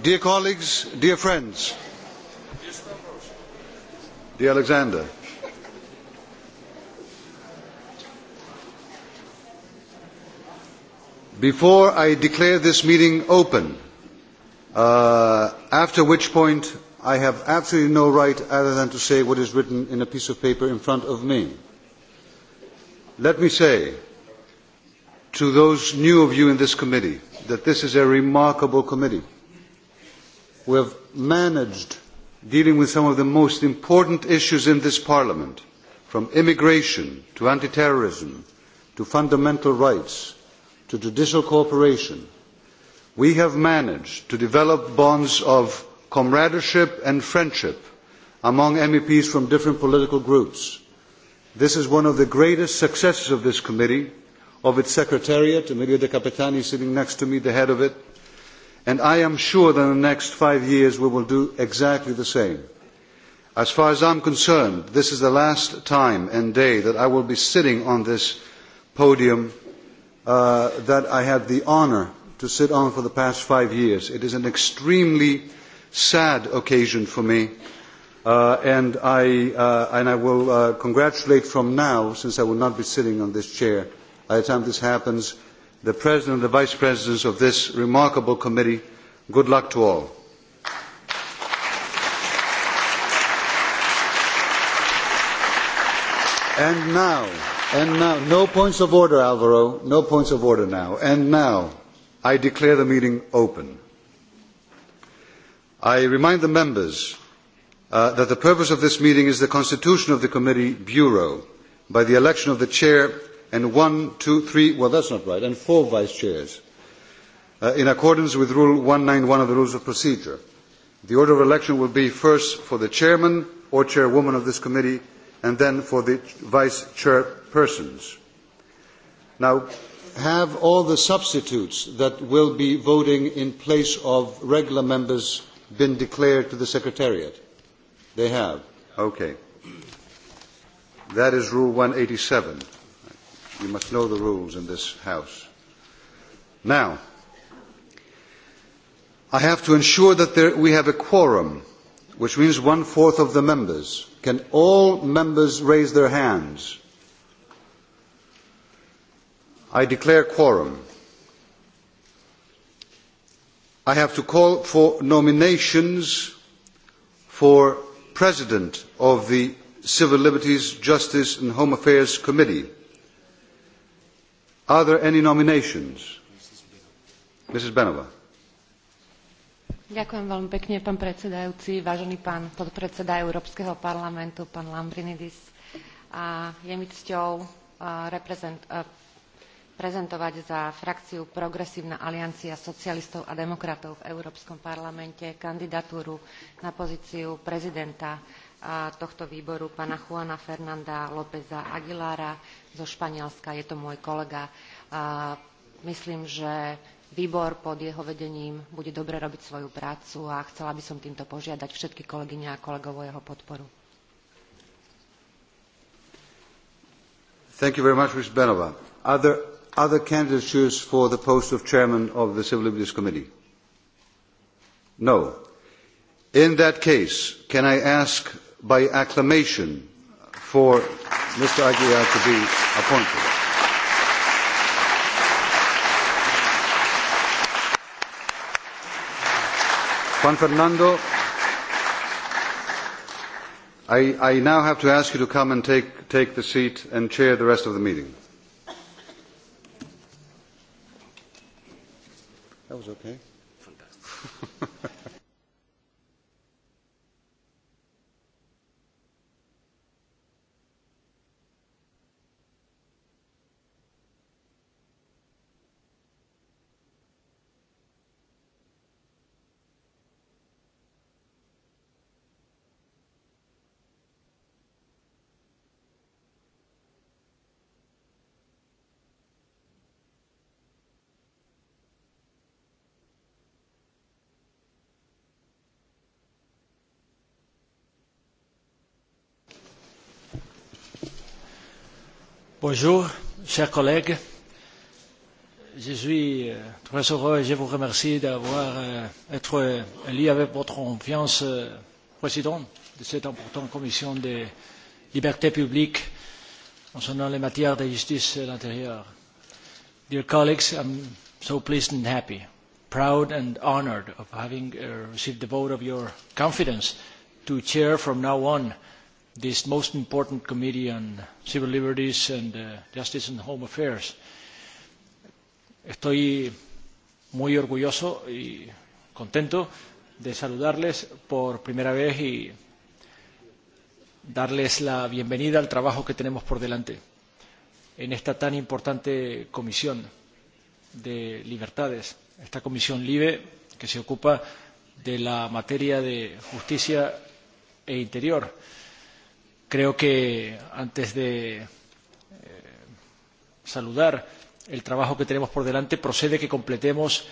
Dear colleagues, dear friends, dear Alexander, before I declare this meeting open, uh, after which point I have absolutely no right other than to say what is written in a piece of paper in front of me. Let me say to those new of you in this committee that this is a remarkable committee we have managed dealing with some of the most important issues in this parliament from immigration to anti terrorism to fundamental rights to judicial cooperation we have managed to develop bonds of comradeship and friendship among meps from different political groups. this is one of the greatest successes of this committee of its secretariat emilio de capitani sitting next to me the head of it and I am sure that in the next five years we will do exactly the same. As far as I'm concerned, this is the last time and day that I will be sitting on this podium uh, that I had the honour to sit on for the past five years. It is an extremely sad occasion for me, uh, and, I, uh, and I will uh, congratulate from now, since I will not be sitting on this chair, by the time this happens, the president and the vice presidents of this remarkable committee good luck to all. and now and now no points of order alvaro no points of order now and now i declare the meeting open. i remind the members uh, that the purpose of this meeting is the constitution of the committee bureau by the election of the chair and one, two, three, well, that's not right, and four vice chairs. Uh, in accordance with Rule 191 of the Rules of Procedure, the order of election will be first for the chairman or chairwoman of this committee, and then for the vice chairpersons. Now, have all the substitutes that will be voting in place of regular members been declared to the Secretariat? They have. Okay. That is Rule 187. You must know the rules in this House. Now, I have to ensure that there, we have a quorum, which means one fourth of the members. Can all members raise their hands? I declare quorum. I have to call for nominations for President of the Civil Liberties, Justice and Home Affairs Committee. Are there any nominations? Mrs. Benova. Ďakujem veľmi pekne, pán predsedajúci, vážený pán podpredseda Európskeho parlamentu, pán Lambrinidis. A je mi cťou reprezent, prezentovať za frakciu Progresívna aliancia socialistov a demokratov v Európskom parlamente kandidatúru na pozíciu prezidenta tohto výboru pána Juana Fernanda Lópeza Aguilára zo Španielska. Je to môj kolega. Myslím, že výbor pod jeho vedením bude dobre robiť svoju prácu a chcela by som týmto požiadať všetky kolegyne a kolegov o jeho podporu. Thank you very much, Ms. Benova. Are there other candidatures for the post of chairman of the Civil Liberties Committee? No. In that case, can I ask by acclamation for Mr. Aguiar to be appointed. Juan Fernando, I, I now have to ask you to come and take, take the seat and chair the rest of the meeting. That was okay. Fantastic. Bonjour, chers collègues. Je suis euh, très heureux et je vous remercie d'avoir été euh, euh, élu avec votre confiance président de cette importante commission des libertés publiques concernant les matières de justice et l'intérieur. Dear colleagues, I'm so pleased and happy, proud and honored of having uh, received the vote of your confidence to chair from now on this most important committee on civil liberties and uh, justice and home affairs. Estoy muy orgulloso y contento de saludarles por primera vez y darles la bienvenida al trabajo que tenemos por delante en esta tan importante comisión de libertades, esta comisión LIBE que se ocupa de la materia de justicia e interior. Eh, creo que antes de eh, saludar el trabajo que tenemos por delante procede que completemos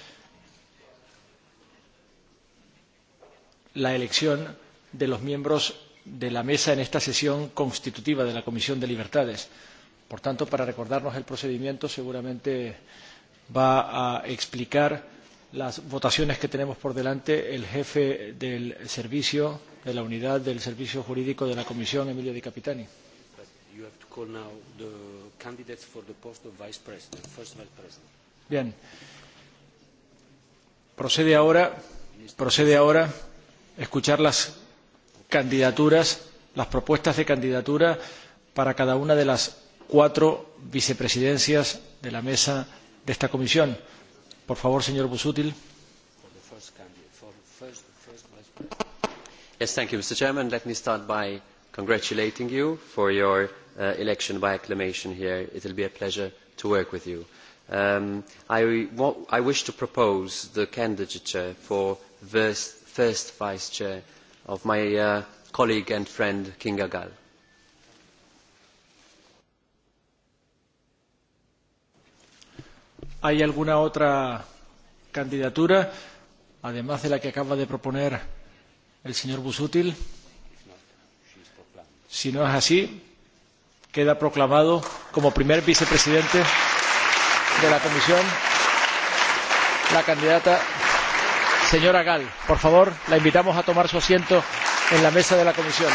la elección de los miembros de la mesa en esta sesión constitutiva de la Comisión de Libertades. Por tanto, para recordarnos el procedimiento, seguramente va a explicar las votaciones que tenemos por delante, el jefe del servicio, de la unidad del servicio jurídico de la Comisión, Emilio Di Capitani. Bien. Procede ahora, procede ahora escuchar las candidaturas, las propuestas de candidatura para cada una de las cuatro vicepresidencias de la mesa de esta comisión Por favor, señor Busutil. Yes, thank you, Mr. Chairman. Let me start by congratulating you for your uh, election by acclamation here. It will be a pleasure to work with you. Um, I, I, wish to propose the candidature for first, first vice chair of my uh, colleague and friend Kinga Gall. ¿Hay alguna otra candidatura, además de la que acaba de proponer el señor Busútil? Si no es así, queda proclamado como primer vicepresidente de la Comisión la candidata señora Gall. Por favor, la invitamos a tomar su asiento en la mesa de la Comisión.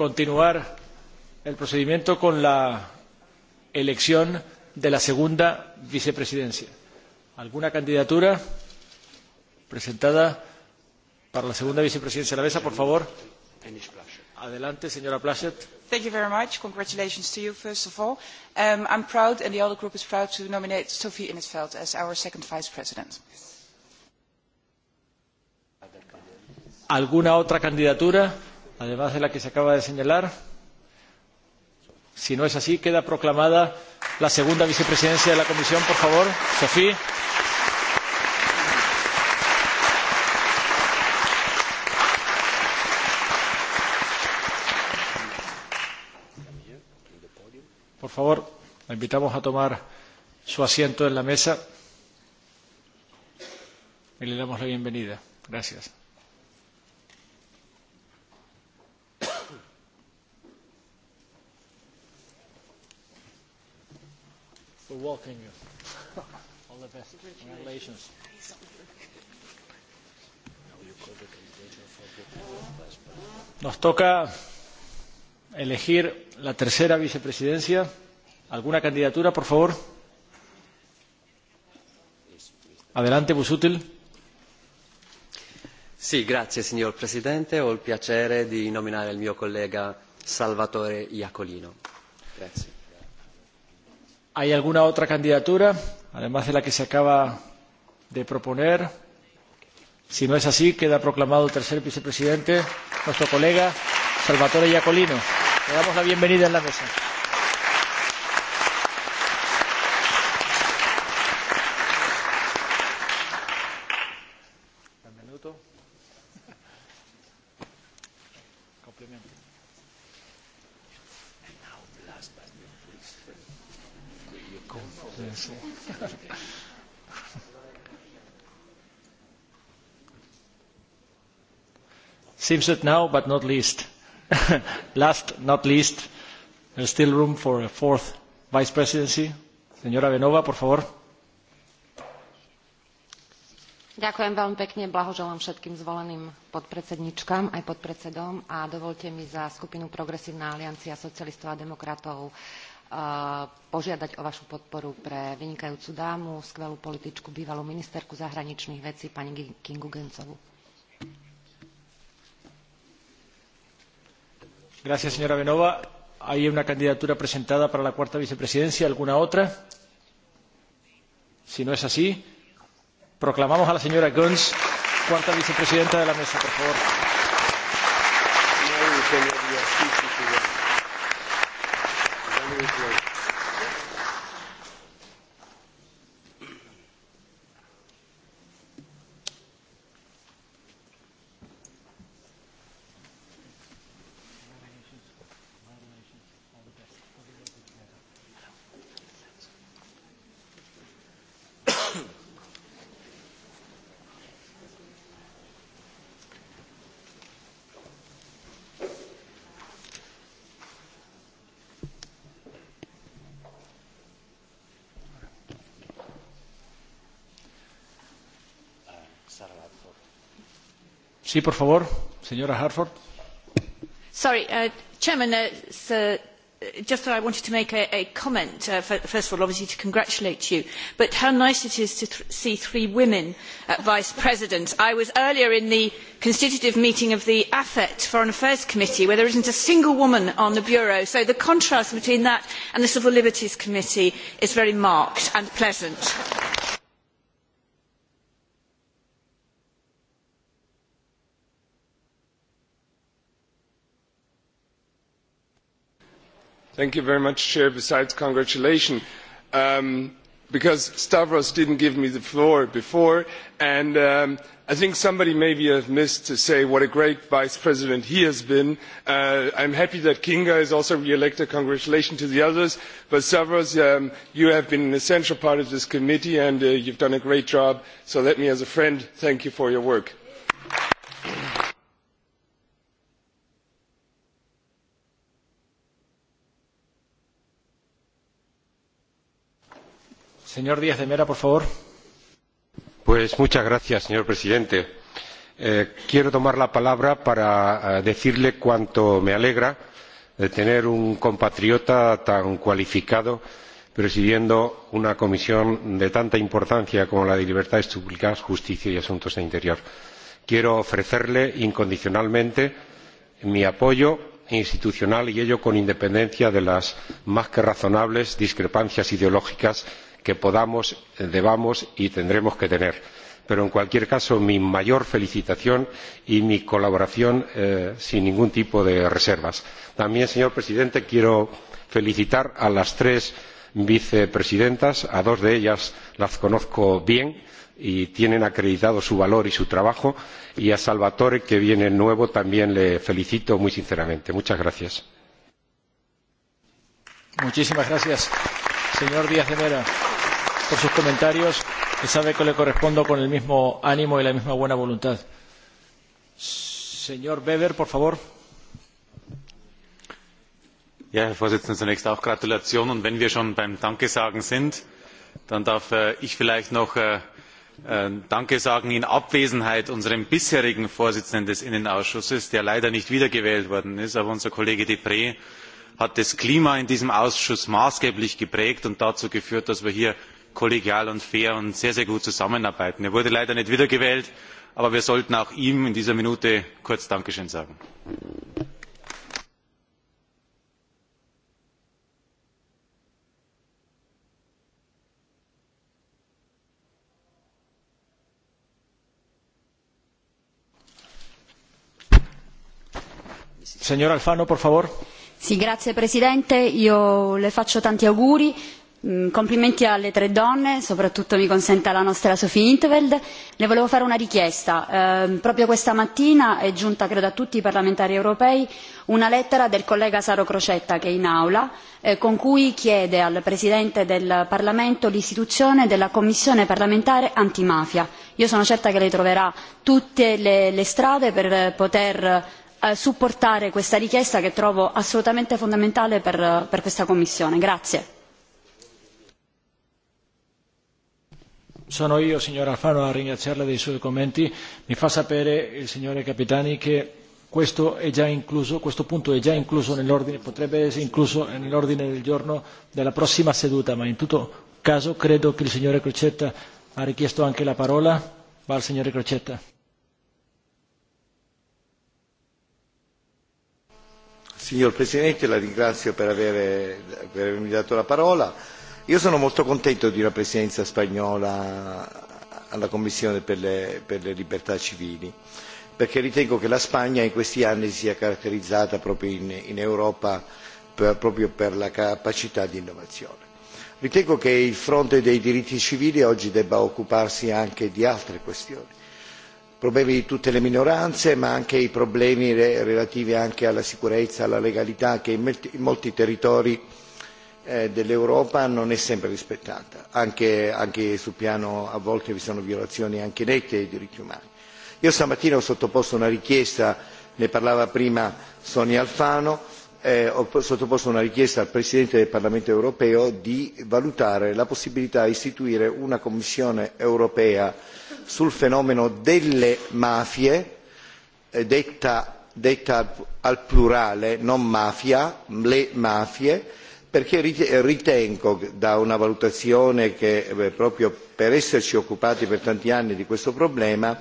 continuar el procedimiento con la elección de la segunda vicepresidencia. alguna candidatura presentada para la segunda vicepresidencia de la mesa? por favor. Adelante, señora Plaschet. Thank you very much. Congratulations to you, first of all. Um, I'm proud, and the ALDE group is proud to nominate Sophie Innesveld as our second vice president. ¿Alguna otra candidatura? además de la que se acaba de señalar. Si no es así, queda proclamada la segunda vicepresidencia de la Comisión, por favor. Sofía. Por favor, la invitamos a tomar su asiento en la mesa y le damos la bienvenida. Gracias. welcome you. All the best. Congratulations. Nos toca elegir la tercera vicepresidencia. ¿Alguna candidatura, por favor? Adelante, Busutil. Sí, grazie señor Presidente. Ho el placer di nominare al mio collega Salvatore Iacolino. Gracias. ¿Hay alguna otra candidatura, además de la que se acaba de proponer? Si no es así, queda proclamado el tercer vicepresidente, nuestro colega Salvatore Iacolino. Le damos la bienvenida en la mesa. seems it now, but not least. Last, not least, there's still room for a fourth vice presidency. Señora Benova, por favor. Ďakujem veľmi pekne, blahoželám všetkým zvoleným podpredsedničkám aj podpredsedom a dovolte mi za skupinu Progresívna aliancia socialistov a demokratov eh, požiadať o vašu podporu pre vynikajúcu dámu, skvelú političku, bývalú ministerku zahraničných vecí, pani Kingu Gencovu. Gracias, señora Benova. ¿Hay una candidatura presentada para la cuarta vicepresidencia? ¿Alguna otra? Si no es así, proclamamos a la señora Gons cuarta vicepresidenta de la mesa, por favor. por favor, señora Harford. Sorry, uh, Chairman, uh, uh, just that I wanted to make a, comment, first of all, obviously to congratulate you, but how nice it is to see three women Vice President. I was earlier in the constitutive meeting of the AFET Foreign Affairs Committee where there isn't a single woman on the Bureau, so the contrast between that and the Civil Liberties Committee is very marked and pleasant. Thank you very much, Chair. Besides congratulations, um, because Stavros didn't give me the floor before, and um, I think somebody maybe have missed to say what a great vice president he has been. Uh, I'm happy that Kinga is also re-elected. Congratulations to the others. But Stavros, um, you have been an essential part of this committee and uh, you've done a great job. So let me, as a friend, thank you for your work. Señor presidente. Eh, quiero tomar la palabra para eh, decirle cuánto me alegra de eh, tener un compatriota tan cualificado presidiendo una comisión de tanta importancia como la de libertades públicas justicia y asuntos de interior. quiero ofrecerle incondicionalmente mi apoyo institucional y ello con independencia de las más que razonables discrepancias ideológicas que que podamos debamos y tendremos que tener. pero en cualquier caso mi mayor felicitación y mi colaboración eh, sin ningún tipo de reservas. también señor presidente quiero felicitar a las tres vicepresidentas a dos de ellas las conozco bien y tienen acreditado su valor y su trabajo y a salvatore que viene nuevo también le felicito muy sinceramente. muchas gracias. Muchísimas gracias señor Díaz de Mera, por sus comentarios que sabe que le correspondo con el mismo ánimo y la misma buena voluntad. Señor Weber, por favor. Ja, Herr Vorsitzender, zunächst auch Gratulation. Und wenn wir schon beim Dankesagen sind, dann darf äh, ich vielleicht noch äh, äh, Danke sagen in Abwesenheit unserem bisherigen Vorsitzenden des Innenausschusses, der leider nicht wiedergewählt worden ist, aber unser Kollege Deprez hat das klima in diesem ausschuss maßgeblich geprägt und dazu geführt dass wir hier kollegial und fair und sehr, sehr gut zusammenarbeiten. er wurde leider nicht wiedergewählt aber wir sollten auch ihm in dieser minute kurz dankeschön sagen. señor alfano por favor. Sì, grazie Presidente, io le faccio tanti auguri, mm, complimenti alle tre donne, soprattutto mi consenta la nostra Sofì Intveld. Le volevo fare una richiesta, eh, proprio questa mattina è giunta credo a tutti i parlamentari europei una lettera del collega Saro Crocetta che è in aula, eh, con cui chiede al Presidente del Parlamento l'istituzione della Commissione parlamentare antimafia. Io sono certa che lei troverà tutte le, le strade per poter supportare questa richiesta che trovo assolutamente fondamentale per, per questa Commissione. Grazie. Sono io, signor Alfano, a ringraziarla dei suoi commenti. Mi fa sapere il signore Capitani che questo è già incluso, questo punto è già incluso nell'ordine, potrebbe essere incluso nell'ordine del giorno della prossima seduta, ma in tutto caso credo che il signore Crocetta ha richiesto anche la parola. Va al signore Crocetta. Signor Presidente, la ringrazio per, avere, per avermi dato la parola. Io sono molto contento di una presidenza spagnola alla Commissione per le, per le libertà civili, perché ritengo che la Spagna in questi anni sia caratterizzata proprio in, in Europa per, proprio per la capacità di innovazione. Ritengo che il fronte dei diritti civili oggi debba occuparsi anche di altre questioni problemi di tutte le minoranze ma anche i problemi relativi alla sicurezza e alla legalità che in molti territori eh, dell'europa non è sempre rispettata anche, sul piano a volte vi sono violazioni anche nette dei diritti umani. io stamattina ho sottoposto una richiesta ne parlava prima sonia alfano eh, ho sottoposto una richiesta al presidente del parlamento europeo di valutare la possibilità di istituire una commissione europea sul fenomeno delle mafie eh, detta, al plurale non mafia le mafie perché ritengo da una valutazione che eh, proprio per esserci occupati per tanti anni di questo problema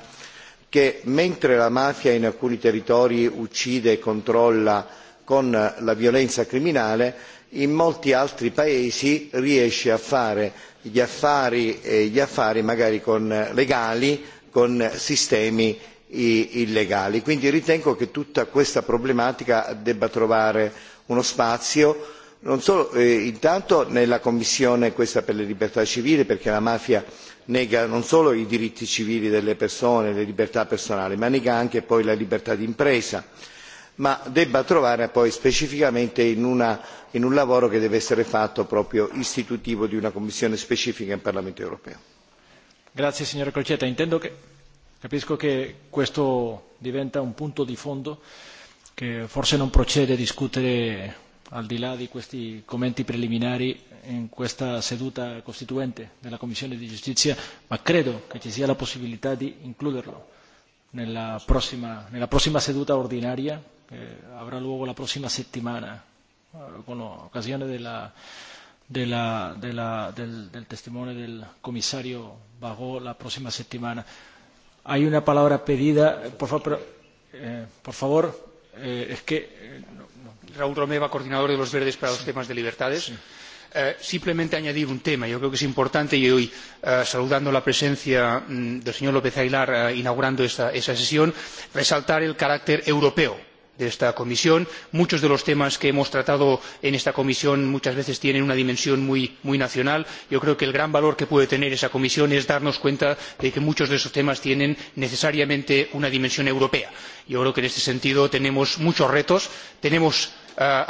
che mentre la mafia in alcuni territori uccide e controlla con la violenza criminale in molti altri paesi riesce a fare gli affari, eh, gli affari magari con, legali con sistemi illegali. quindi ritengo che tutta questa problematica debba trovare uno spazio non solo eh, intanto nella commissione questa per le libertà civili perché la mafia nega non solo i diritti civili delle persone le libertà personali ma nega anche poi la libertà d'impresa ma debba trovare poi specificamente in, un lavoro che deve essere fatto proprio istitutivo di una commissione specifica in Parlamento europeo. signora Crocetta, capisco che questo diventa un punto di fondo che forse non procede discutere al di là di questi commenti preliminari in questa seduta costituente della Commissione di Giustizia, ma credo che ci sia la possibilità di includerlo nella prossima seduta ordinaria que habrá luego la próxima semana, eh, con ocasiones de la, de la, de la, del, del testimonio del comisario Bagó la próxima semana. Hay una palabra pedida, eh, por favor, pero, eh, por favor eh, es que... Eh, no, Raúl Romeva, coordinador de los Verdes para los temas de libertades. Sí. Eh, simplemente añadir un tema. Yo creo que es importante y hoy, eh, saludando la presencia mm, del señor López Aguilar eh, inaugurando esta, esa sesión, resaltar el carácter europeo de esta comisión. muchos de los temas que hemos tratado en esta comisión muchas veces tienen una dimensión muy, nacional. yo creo que el gran valor que puede tener esa comisión es darnos cuenta de que muchos de esos temas tienen necesariamente una dimensión europea. yo creo que en este sentido tenemos muchos retos tenemos ah,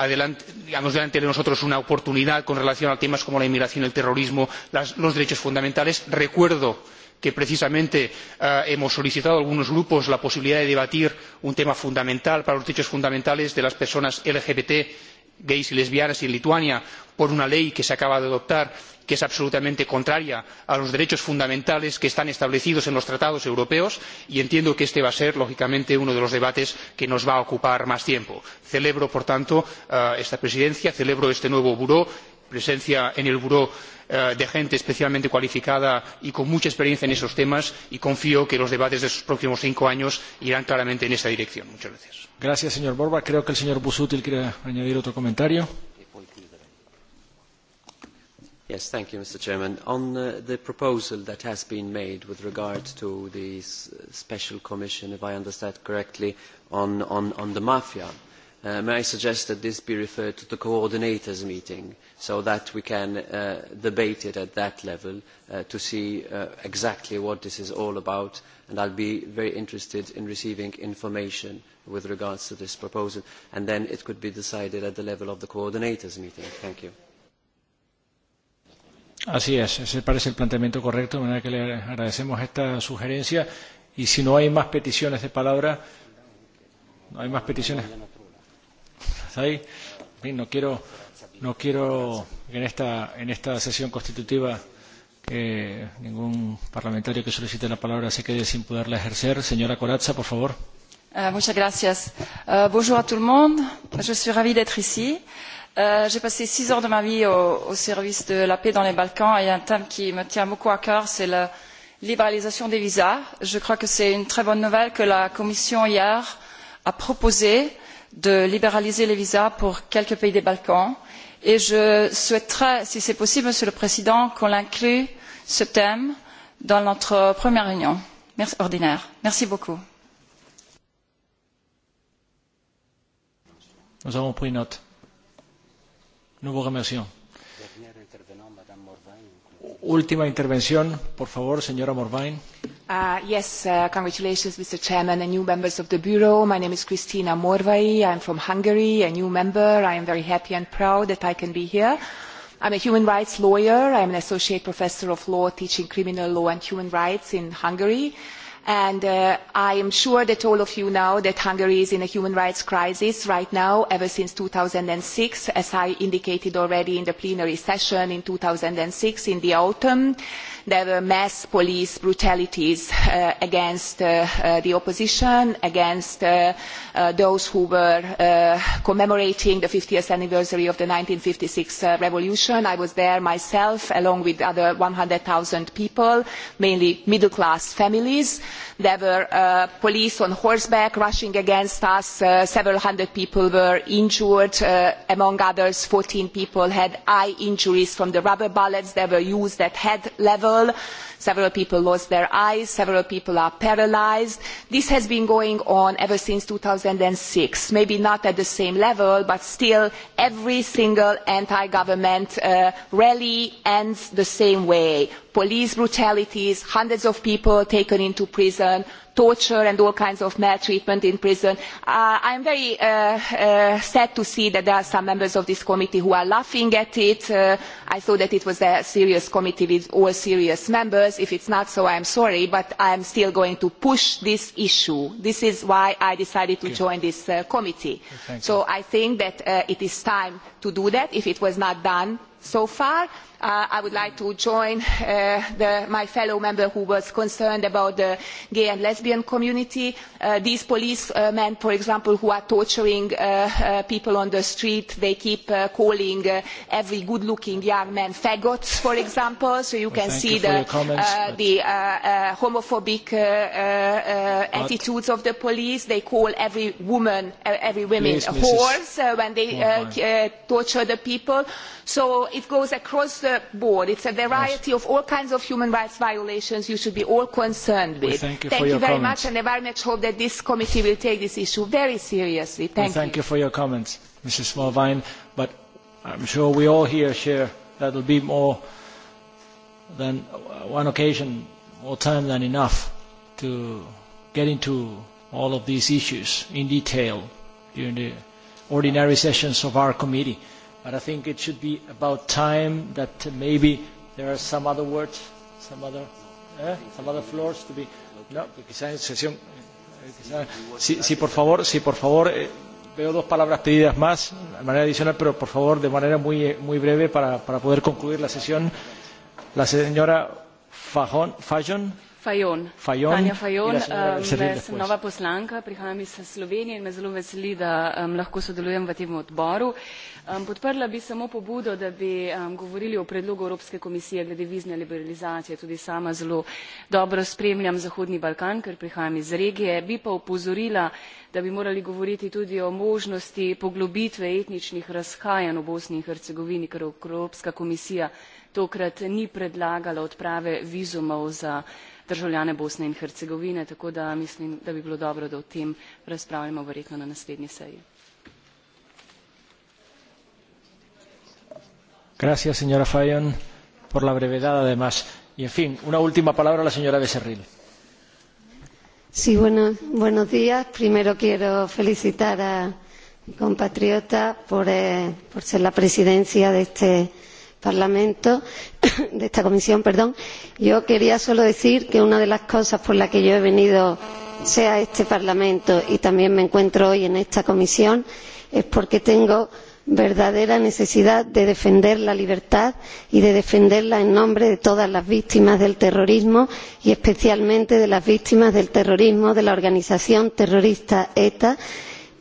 digamos, delante de nosotros una oportunidad con relación a temas como la inmigración el terrorismo los derechos fundamentales. recuerdo que que precisamente eh, hemos solicitado algunos grupos la posibilidad de debatir un tema fundamental para los derechos fundamentales de las personas lgbt gays y lesbianas en lituania por una ley que se acaba de adoptar que es absolutamente contraria a los derechos fundamentales que están establecidos en los tratados europeos y entiendo que este va a ser lógicamente uno de los debates que nos va a ocupar más tiempo. celebro por tanto eh, esta presidencia celebro este nuevo buró presencia en el buró eh, de gente especialmente cualificada y con mucha experiencia en esos temas y confío en que los debates de los próximos cinco años irán claramente en esa dirección. muchas gracias. gracias señor Borba. Creo que el señor Busuttil quiere añadir otro comentario. Yes, thank you, Mr. Chairman. On uh, the proposal that has been made with regard to the special commission, if I understand correctly, on, on, on the mafia, uh, may I suggest that this be referred to the coordinators' meeting? Uh, so that we can uh, debate it at that level uh, to see uh, exactly what this is all about. And I'll be very interested in receiving information with regards to this proposal. And then it could be decided at the level of the coordinators meeting. Thank you. Así es, ese parece el planteamiento correcto, de manera que le agradecemos esta sugerencia. Y si no hay más peticiones de palabra, no hay más peticiones. ¿Está ahí? No quiero No quiero en esta, en esta sesión constitutiva que eh, ningún parlamentario que solicite la palabra se quede sin poderla ejercer. Señora Corazza, por favor. Uh, muchas gracias. Uh, bonjour à tout le monde. Je suis ravie d'être ici. Uh, J'ai passé six heures de ma vie au, au service de la paix dans les Balkans et un thème qui me tient beaucoup à cœur, c'est la libéralisation des visas. Je crois que c'est une très bonne nouvelle que la Commission hier a proposé de libéraliser les visas pour quelques pays des Balkans et je souhaiterais si c'est possible monsieur le président qu'on inclue ce thème dans notre première réunion ordinaire. merci beaucoup. nous avons pris note. nous vous remercions. ultima intervención por favor señora morvai. Uh, yes, uh, congratulations, Mr. Chairman and new members of the Bureau. My name is Kristina Morvai. I'm from Hungary, a new member. I am very happy and proud that I can be here. I'm a human rights lawyer. I'm an associate professor of law teaching criminal law and human rights in Hungary. And uh, I am sure that all of you know that Hungary is in a human rights crisis right now, ever since 2006, as I indicated already in the plenary session in 2006 in the autumn there were mass police brutalities uh, against uh, uh, the opposition against those who were commemorating the fiftieth anniversary of the one thousand nine hundred and fifty six revolution. i was there myself along with other one hundred zero people mainly middle class families there were uh, police on horseback rushing against us uh, several hundred people were injured uh, among others fourteen people had eye injuries from the rubber bullets that were used at head level several people lost their eyes several people are paralysed. this has been going on ever since two thousand and six maybe not at the same level but still every single anti government rally ends the same way police brutalities hundreds of people taken into prison torture and all kinds of maltreatment in prison. Uh, i am very uh, uh, sad to see that there are some members of this committee who are laughing at it. i thought that it was a serious committee with all serious members. if it is not so i am sorry but i am still going to push this issue. this is why i decided to join this committee. so i think that it is time to do that if it was not done so far. Uh, i would like to join uh, my fellow member who was concerned about the gay and lesbian community. Uh, these policemen for example who are torturing people on the street they keep calling every good looking young man faggots for example so you can see the, homophobic attitudes of the police they call every woman every woman whores when they oh, torture the people so it goes across the board it is a variety of all kinds of human rights violations you should be all concerned with. thank you, very much and i very much hope that this committee will take this issue very seriously. thank, you. for your comments mrs mulvine but i am sure we all here share that will be more than one occasion more time than enough to get into all of these issues in detail during the ordinary sessions of our committee. But I think it should be about time that maybe there are some other words, some other, eh, some other floors to be. No, quizás en sesión. Eh, quizá, sí, sí, por favor, sí, por favor. Eh, veo dos palabras pedidas más de manera adicional, pero por favor, de manera muy, eh, muy breve para, para poder concluir la sesión. La señora Fajon. Fajon Fajon. Fajon. Tanja Fajon, um, sem nova poslanka, prihajam iz Slovenije in me zelo veseli, da um, lahko sodelujem v tem odboru. Um, podprla bi samo pobudo, da bi um, govorili o predlogu Evropske komisije glede vizne liberalizacije. Tudi sama zelo dobro spremljam Zahodni Balkan, ker prihajam iz regije. Bi pa opozorila, da bi morali govoriti tudi o možnosti poglobitve etničnih razhajanj v Bosni in Hercegovini, ker Evropska komisija tokrat ni predlagala odprave vizumov za državljane Bosne in Hercegovine, tako da mislim, da bi bilo dobro, da o tem razpravljamo verjetno na naslednji seji. Gracias, señora Fayon, por la brevedad además. Y en fin, una última palabra a la señora Becerril. Sí, bueno, buenos días. Primero quiero felicitar a mi compatriota por, eh, por ser la presidencia de este Parlamento de esta comisión yo quería solo decir que una de las cosas por las que yo he venido sea a este parlamento y también me encuentro hoy en esta comisión es porque tengo verdadera necesidad de defender la libertad y de defenderla en nombre de todas las víctimas del terrorismo y especialmente de las víctimas del terrorismo de la organización terrorista eta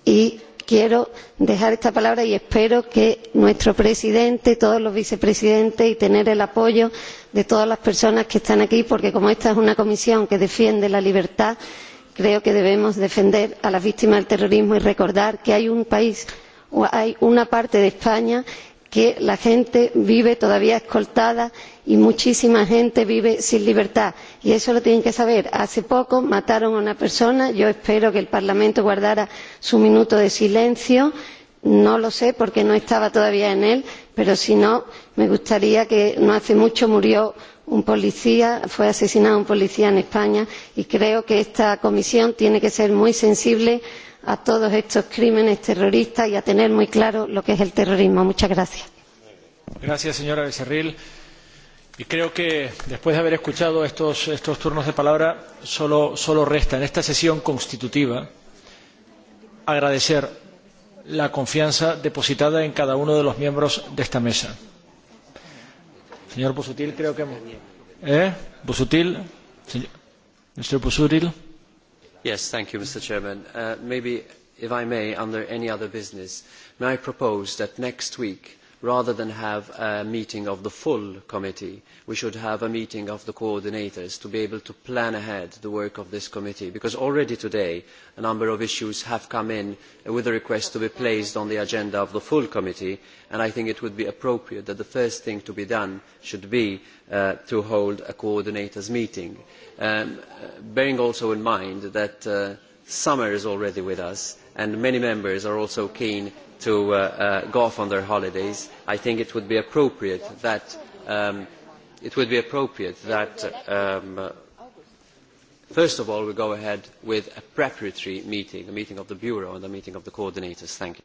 y quiero dejar esta palabra y espero que nuestro presidente todos los vicepresidentes y tener el apoyo de todas las personas que están aquí porque como esta es una comisión que defiende la libertad creo que debemos defender a las víctimas del terrorismo y recordar que hay una parte de españa que que la gente vive todavía escoltada y muchísima gente vive sin libertad y eso lo tienen que saber. hace poco mataron a una persona yo espero que el parlamento guardara su minuto de silencio no lo sé porque no estaba todavía en él pero si no me gustaría que no hace mucho murió un policía fue asesinado un policía en españa y creo que esta comisión tiene que ser muy sensible a todos estos crímenes terroristas y tener muy claro lo que es el terrorismo. muchas gracias. gracias señora becerril. Y creo que después de haber escuchado estos, estos turnos de palabra solo, solo resta en esta sesión constitutiva agradecer la confianza depositada en cada uno de los miembros de esta mesa. Señor creo que... ¿Eh? Señor... Mr. Yes, thank you, Mr. Chairman. Uh, maybe, if I may, under any other business, may I propose that next week rather than have a meeting of the full committee we should have a meeting of the coordinators to be able to plan ahead the work of this committee because already today a number of issues have come in with a request to be placed on the agenda of the full committee and i think it would be appropriate that the first thing to be done should be uh, to hold a coordinators meeting um, uh, bearing also in mind that uh, summer is already with us and many members are also keen to uh, uh, go off on their holidays i think it would be appropriate that um, it would be appropriate that um, uh, first of all we go ahead with a preparatory meeting a meeting of the bureau and a meeting of the coordinators. thank you.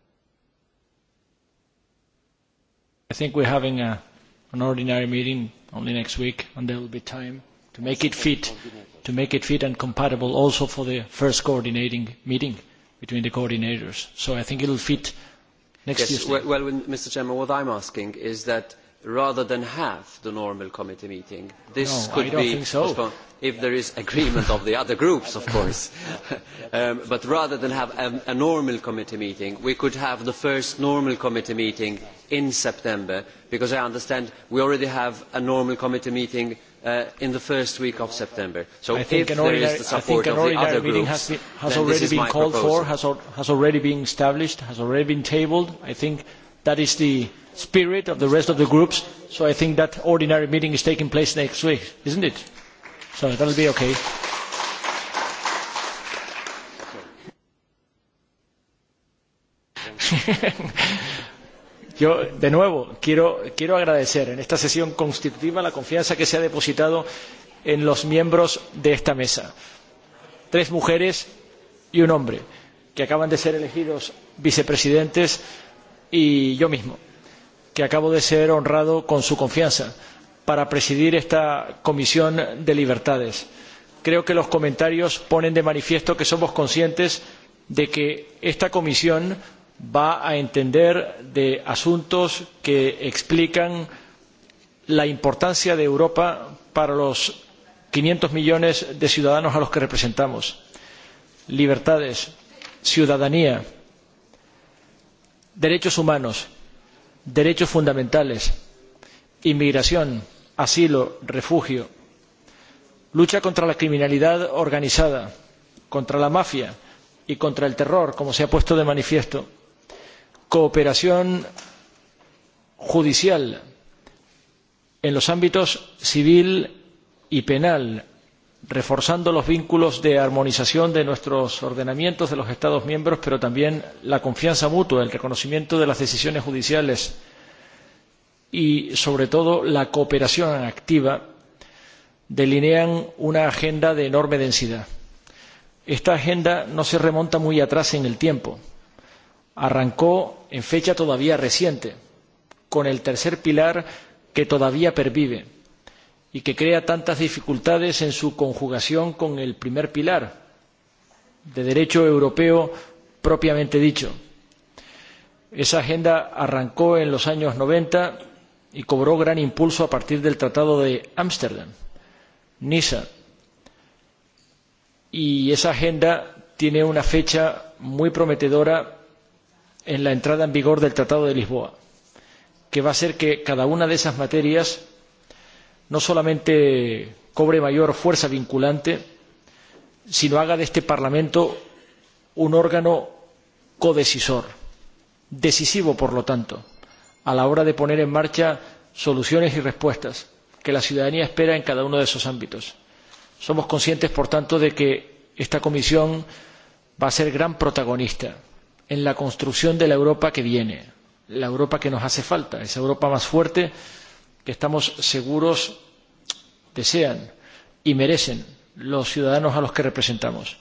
i think we are having a, an ordinary meeting only next week and there will be time to make it fit to make it fit and compatible also for the first coordinating meeting between the coordinators. So I think it will fit next yes, Tuesday. Well, well, Mr. Chairman, what I'm asking is that rather than have the normal committee meeting, this no, could be so. postponed if there is agreement of the other groups, of course. um, but rather than have a, a normal committee meeting, we could have the first normal committee meeting in September, because I understand we already have a normal committee meeting Uh, in the first week of September. So I think if an ordinary, there is the support of the other groups, has, been, has already been called proposal. for, has, has, already been established, has already been tabled. I think that is the spirit of the rest of the groups. So I think that ordinary meeting is taking place next week, isn't it? So that will be okay. yo, de nuevo, quiero, quiero agradecer en esta sesión constitutiva la confianza que se ha depositado en los miembros de esta mesa. Tres mujeres y un hombre, que acaban de ser elegidos vicepresidentes, y yo mismo, que acabo de ser honrado con su confianza para presidir esta Comisión de Libertades. Creo que los comentarios ponen de manifiesto que somos conscientes de que esta comisión va a entender de asuntos que explican la importancia de Europa para los quinientos millones de ciudadanos a los que representamos. Libertades, ciudadanía, derechos humanos, derechos fundamentales, inmigración, asilo, refugio, lucha contra la criminalidad organizada, contra la mafia y contra el terror, como se ha puesto de manifiesto cooperación judicial en los ámbitos civil y penal reforzando los vínculos de armonización de nuestros ordenamientos de los Estados miembros, pero también la confianza mutua, el reconocimiento de las decisiones judiciales y, sobre todo, la cooperación activa delinean una agenda de enorme densidad. Esta agenda no se remonta muy atrás en el tiempo. Arrancó en fecha todavía reciente con el tercer pilar que todavía pervive y que crea tantas dificultades en su conjugación con el primer pilar de derecho europeo propiamente dicho. Esa agenda arrancó en los años 90 y cobró gran impulso a partir del Tratado de Ámsterdam, Niza. Y esa agenda tiene una fecha muy prometedora en la entrada en vigor del Tratado de Lisboa, que va a hacer que cada una de esas materias no solamente cobre mayor fuerza vinculante, sino haga de este Parlamento un órgano codecisor, decisivo, por lo tanto, a la hora de poner en marcha soluciones y respuestas que la ciudadanía espera en cada uno de esos ámbitos. Somos conscientes, por tanto, de que esta comisión va a ser gran protagonista en la construcción de la Europa que viene, la Europa que nos hace falta, esa Europa más fuerte que estamos seguros desean y merecen los ciudadanos a los que representamos.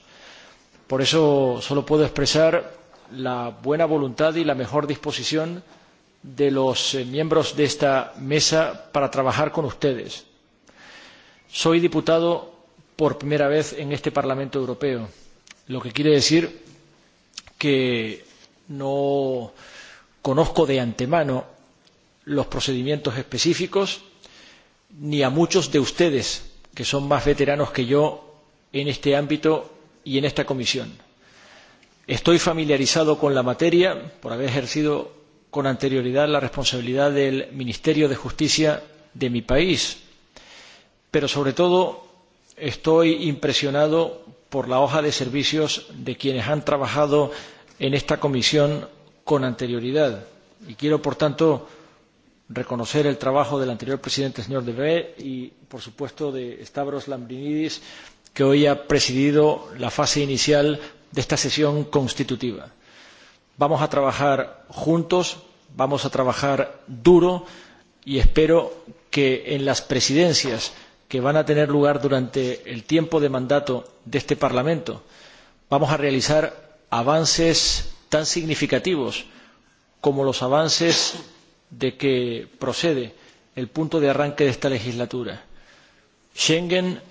Por eso solo puedo expresar la buena voluntad y la mejor disposición de los eh, miembros de esta mesa para trabajar con ustedes. Soy diputado por primera vez en este Parlamento Europeo, lo que quiere decir que no conozco de antemano los procedimientos específicos ni a muchos de ustedes que son más veteranos que yo en este ámbito y en esta comisión. Estoy familiarizado con la materia por haber ejercido con anterioridad la responsabilidad del Ministerio de Justicia de mi país, pero sobre todo estoy impresionado por la hoja de servicios de quienes han trabajado en esta comisión con anterioridad y quiero, por tanto, reconocer el trabajo del anterior presidente, señor Debré, y, por supuesto, de Stavros Lambrinidis, que hoy ha presidido la fase inicial de esta sesión constitutiva. Vamos a trabajar juntos, vamos a trabajar duro y espero que en las presidencias que van a tener lugar durante el tiempo de mandato de este Parlamento, vamos a realizar avances tan significativos como los avances de que procede el punto de arranque de esta legislatura. Schengen,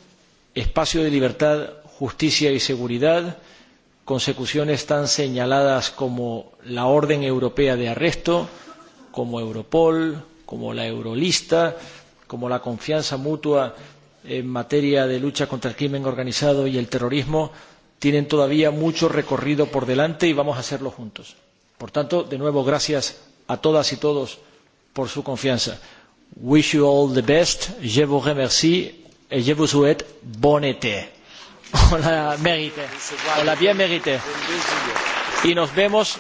espacio de libertad, justicia y seguridad, consecuciones tan señaladas como la Orden Europea de Arresto, como Europol, como la Eurolista, como la confianza mutua en materia de lucha contra el crimen organizado y el terrorismo tienen todavía mucho recorrido por delante y vamos a hacerlo juntos. Por tanto, de nuevo, gracias a todas y todos por su confianza. Wish you all the best. Je vous remercie et je vous souhaite bon été. On mérite. On bien mérite. Y nos vemos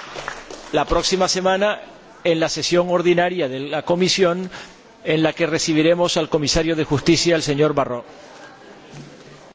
la próxima semana en la sesión ordinaria de la comisión en la que recibiremos al comisario de justicia el señor barrot.